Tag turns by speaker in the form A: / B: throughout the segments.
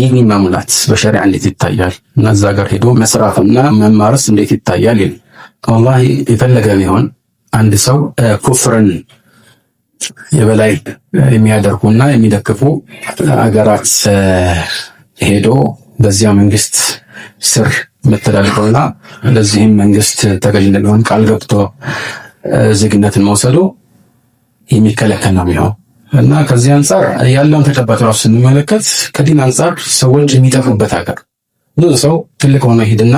A: ዲኒን መሙላት በሸሪያ እንዴት ይታያል? እና እዛ ጋር ሄዶ መስራፍና መማርስ እንዴት ይታያል? ይል ወላሂ የፈለገ ቢሆን አንድ ሰው ኩፍርን የበላይ የሚያደርጉና የሚደግፉ አገራት ሄዶ በዚያ መንግስት ስር መተዳደሩና ለዚህም መንግስት ተገዥ እንደሚሆን ቃል ገብቶ ዜግነትን መውሰዱ የሚከለከል ነው የሚሆን እና ከዚህ አንጻር ያለውን ተጨባጭ ራሱ ስንመለከት ከዲን አንጻር ሰዎች የሚጠፉበት ሀገር ብዙ ሰው ትልቅ ሆኖ ይሄድና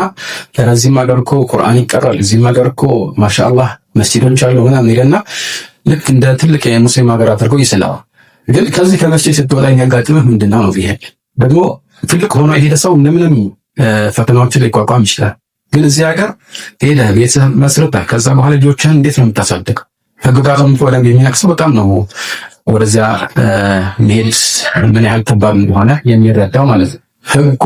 A: ከዚህም ሀገር እኮ ቁርአን ይቀራል፣ እዚህም ሀገር እኮ ማሻአላህ መስጂዶች አሉ ምናምን ይልና ልክ እንደ ትልቅ የሙስሊም ሀገር አድርጎ ይስላል። ግን ከዚህ ከመስጂድ ስትወጣ የሚያጋጥምህ ምንድነው ነው? ይሄ ደግሞ ትልቅ ሆኖ የሄደ ሰው ምንም ፈተናዎችን ሊቋቋም ይችላል። ግን እዚህ ሀገር ሄደ ቤተሰብ መስርተህ ከዛ በኋላ ልጆችን እንዴት ነው የምታሳድገው? ህግጋቱን የሚነቅሰው በጣም ነው ወደዚያ መሄድ ምን ያህል ከባድ እንደሆነ የሚረዳው ማለት ነው። ህጉ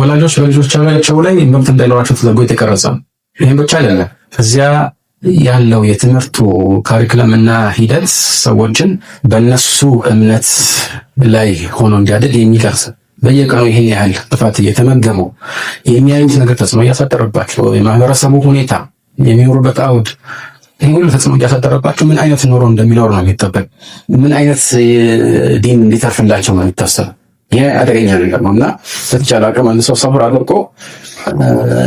A: ወላጆች በልጆቻቸው ላይ መብት እንዳይኖራቸው ተዘርጎ የተቀረጸ ነው። ይህም ብቻ አይደለም። እዚያ ያለው የትምህርቱ እና ሂደት ሰዎችን በእነሱ እምነት ላይ ሆኖ እንዲያድግ የሚቀርጽ በየቀኑ ይህን ያህል ጥፋት እየተመገሙ የሚያዩት ነገር ተጽዕኖ እያሳደረባቸው የማህበረሰቡ ሁኔታ የሚኖሩበት አውድ ይህ ሁሉ ተጽዕኖ እያሳደረባቸው ምን አይነት ኑሮ እንደሚኖሩ ነው የሚጠበቅ፣ ምን አይነት ዲን እንዲተርፍላቸው ነው የሚታሰብ። ይህ አደገኛ ነገር ነው እና በተቻለ አቅም አንድ ሰው ሰብር አድርጎ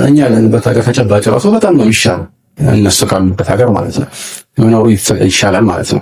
A: እኛ ያለንበት ሀገር ተጨባጭ ራሱ በጣም ነው የሚሻለው እነሱ ካሉበት ሀገር ማለት ነው መኖሩ ይሻላል ማለት ነው።